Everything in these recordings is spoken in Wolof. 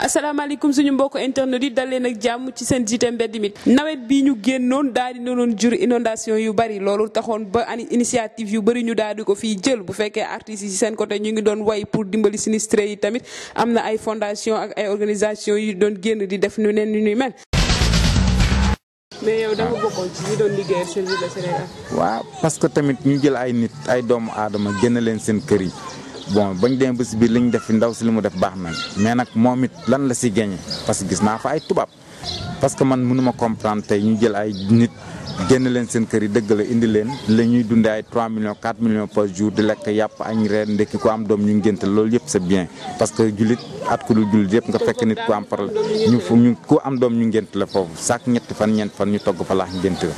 asalaamaaleykum suñu mbokk internet yi dal nak jàmm ci seen jiite mbedd mi nawet bi ñu génnoon daal di noonu jur inondation yu bari loolu taxoon ba an initiative yu bari ñu daal di ko fi jël bu fekkee artistes yi seen côté ñu ngi doon way pour dimbali sinistré yi tamit am na ay fondation ak ay organisation yi doon génn di def nu neen ni ñuy mel. mais yow dama bokkoon ci ñi de waaw parce que tamit ñu jël ay nit ay doomu aadama génn leen seen kër yi. bon bañ demee ba si biir li ñu def fi ndaw si li mu def baax na mais nag moom it lan la si gagné parce que gis naa fa ay tubaab parce que man mënuma comprendre tey ñu jël ay nit génn leen seen kër yi dëgg la indi leen la ñuy dundee ay 3 millions 4 millions par jour di lekk yàpp añ reer ndekki ku am doom ñu ngi génte loolu yëpp c'est bien parce que jullit at ku dul jullit yëpp nga fekk nit ku am par ñu am doom ñu ngént la foofu saak ñetti fan ñeent fan ñu togg fa laax ngént la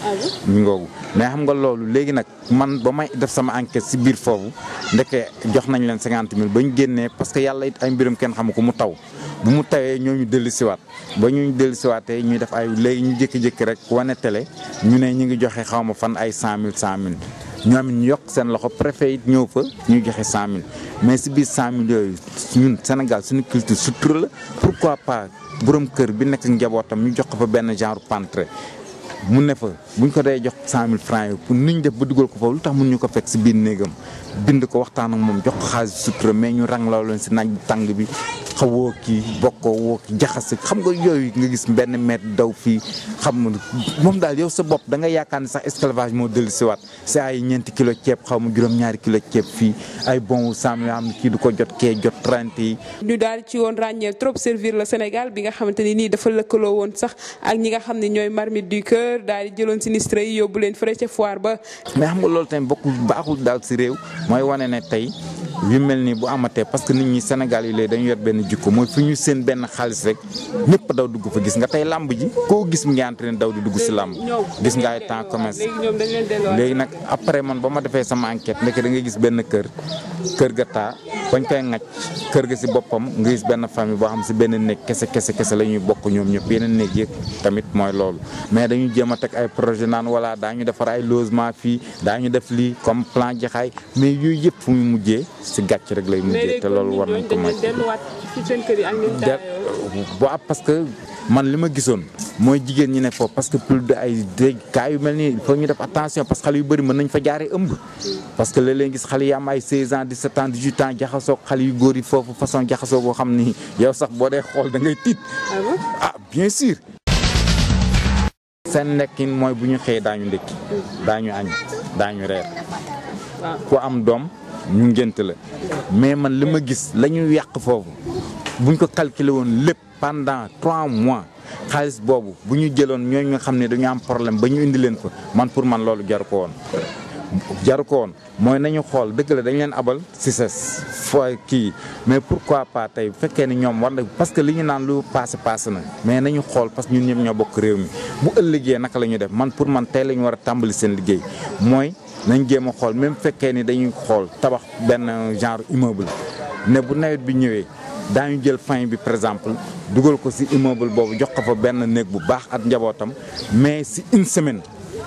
ñu ngoogu mais xam nga loolu léegi nag man ba may def sama enquête si biir foofu ndeke jox nañ leen cinquante mille ba ñu génnee parce que yàlla it ay mbiram kenn xamu ko mu taw bu mu tawee ñoo ñu dellu siwaat ba ñu dellu siwaatee ñuy def ay léegi ñu jékki-jékki rek wane tele ñu ne ñu ngi joxe xaw ma fan ay cent mille cent mille ñoom it ñu seen loxo préfet it ñëw fa ñu joxe cent mille mais si biir cent mille yooyu ñun Sénégal suñu culture sutura la pourquoi pas borom kër bi nekk njabootam ñu jox ko fa benn genre pantre mu ne fa buñ ko dee jox cent mille francs yi pour ñu def ba dugal ko foofu lu tax mun ñu ko fekk si biir néegam bind ko waxtaan ak moom jox ko xaalis sutura mais ñu rang law leen si naaj bu tàng bi xawoo ki bokkoo woo jaxas jaxase xam nga yooyu nga gis mbenn mètre daw fii xam nga moom daal yow sa bopp da nga yaakaar ne sax esclavage moo dellu siwaat si ay ñeenti kilo ceeb xaw ma juróom-ñaari kilo ceeb fii ay bon wu saam yoo kii du ko jot kee jot trente yi. ñu daal ci woon ràññee trop servir le Sénégal bi nga xamante ni nii dafa lëkkaloo woon sax ak ñi nga xam ne ñooy marmite du cœur daal di jëloon sinistre yi yóbbu leen fële ca foire ba. mais xam nga lool tamit bokkul baaxul daal si réew mooy wane ne tey yu mel nii bu amatee parce que nit ñi Sénégal yi léegi dañu yor benn jikko mooy fu ñu seen benn xaalis rek ñëpp daw dugg fa gis nga tey làmb ji koo gis mu ngi entraîné daw di dugg si làmb gis nga ay temps commerce léegi nag après man ba ma defee sama enquête ndeke da ngay gis benn kër kër ga bañ koy ŋaj kër ga si boppam nga gis benn famille boo xam si benn néeg kese kese kese la ñuy bokk ñoom ñëpp yeneen néeg yi tamit mooy loolu mais dañu jéem teg ay projet naan wala daañu defar ay logement fii daañu def lii comme plan jaxaay mais yooyu yëpp fu mu mujjee si gàcc rek lay mujjee te loolu war nañ ko mooy waaw parce man lima ma moy jigen jigéen ñi ne foofu parce que plus de ay kay yu melni il faut ñu def attention parce que xale yu bari meun nañ fa jaaree ëmb. parce que leen léeg gis xali yi ay 16 ans 17 ans 18 ans jaxasoo xali yu góor yi foofu façon jaxasoo bo xamni yow sax bo day xol da ngay tit ah, ah bien sûr. seen nekkin moy buñu ñu dañu ndek dañu daañu añ daañu reer ku am dom ñu ngénte la mais man lima ma gis la ñu yàq buñ ko calculer won lepp pendant trois mois xaalis boobu bu ñu jëloon ñooñu nga xam ne dañu am problème ba ñu indi leen ko man pour man loolu jaru ko woon jaru ko woon mooy nañu xool dëgg la dañ leen abal si ses fooy kii mais pour quoi pas tey bu fekkee ni ñoom war na parce que li ñu naan lu passé passé na mais nañu xool parce que ñun ñëpp ñoo bokk réew mi bu ëllëgee naka la ñu def man pour man tey la war a tàmbali seen liggéey mooy nañ jéem a xool même fekkee ni dañuy xool tabax benn genre immeuble bi daañu jël fin bi par exemple dugal ko si immeuble boobu jox ko fa benn néeg bu baax ak njabootam mais si une semaine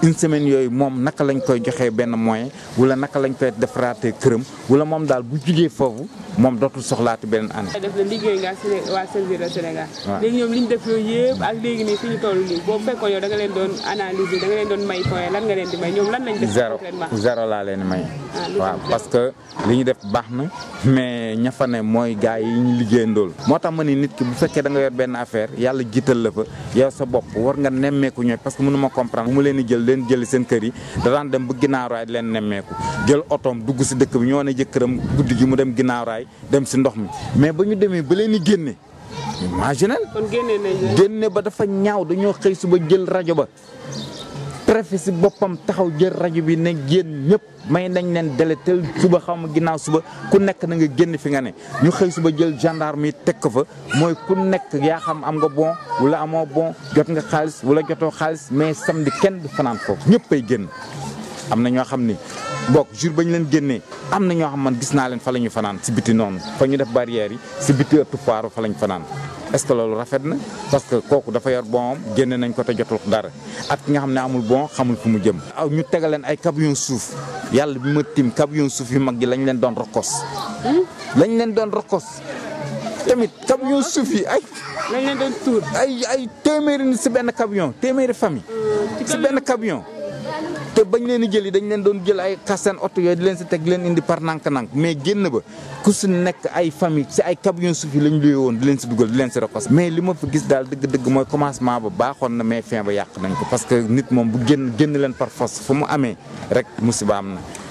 une semaine yoy mom naka lañ koy joxé ben moyen wala naka lañ koy raté kërëm wala mom dal bu jugee fofu mom dotul soxlaati ben année. def la liggéey nga wa servir de Sénégal. légui ñom liñ def yoy yépp ak légui ni fiñu tollu ni bo fekkon yow da nga leen doon analyser da nga leen doon may point lan nga leen di may ñom lan lañ def. zéro zéro la leen may. Ah, wa parce que liñ def baxna mais ña fa ne moy gaay yi ñu liggéeyandool. ndol motax ma nit ki bu fekkee da nga yor ben affaire yalla jittal la fa yow sa bop war nga ko ñoy parce que mënuma comprendre bu mu leen di jël leen jëli seen kër yi da daan dem ba ginnaaw leen nemmeeku jël otoom dugg si dëkk bi ñoo ne jëkkëram guddi gi mu dem ginnaaw dem si ndox mi mais ba ñu demee ba leen di génne imaginel génne ba dafa ñaaw dañoo xëy suba jël rajo ba préfet si boppam taxaw jël rajo bi ne génn ñëpp may nañ leen délai te suba xaw ma ginnaaw suba ku nekk na nga génn fi nga ne ñu xëy suba jël gendarme yi teg ko fa mooy ku nekk yaa xam am nga bon wala amoo bon jot nga xaalis wala jotoo xaalis mais samedi kenn du fanaan foofu ñëpp ay génn am na ñoo xam ni bokk jour ba leen génnee am na ñoo xam man gis naa leen fa la ñu fanaan si biti noonu fa ñu def barrière yi si biti ëttu foire fa la ñu fanaan est que loolu rafet na parce que kooku dafa yor bonam génne nañ ko te jotul dara ak ki nga xam ne amul bon xamul fu mu jëm. aw ñu tegaleen ay camion suuf yàlla bi ma tim camion suuf yu mag yi lañ leen doon rokkos lañ leen doon rokkos tamit camion suuf yi ay. lañ leen ay ay téeméeri nit si benn camion téeméeri famille. si benn camion. te bañ leen di jëli dañ leen doon jël ay xas seen oto yooyu di leen si teg leen indi par nànk-nànk mais génn ba ku si nekk ay famille si ay camion suuf yi lañ luye woon di leen si dugal di leen si rokos mais li ma fa gis daal dëgg-dëgg mooy commencement ba baaxoon na mais fin ba yàq nañ ko parce que nit moom bu génn génn leen par fos fu mu amee rek musiba am na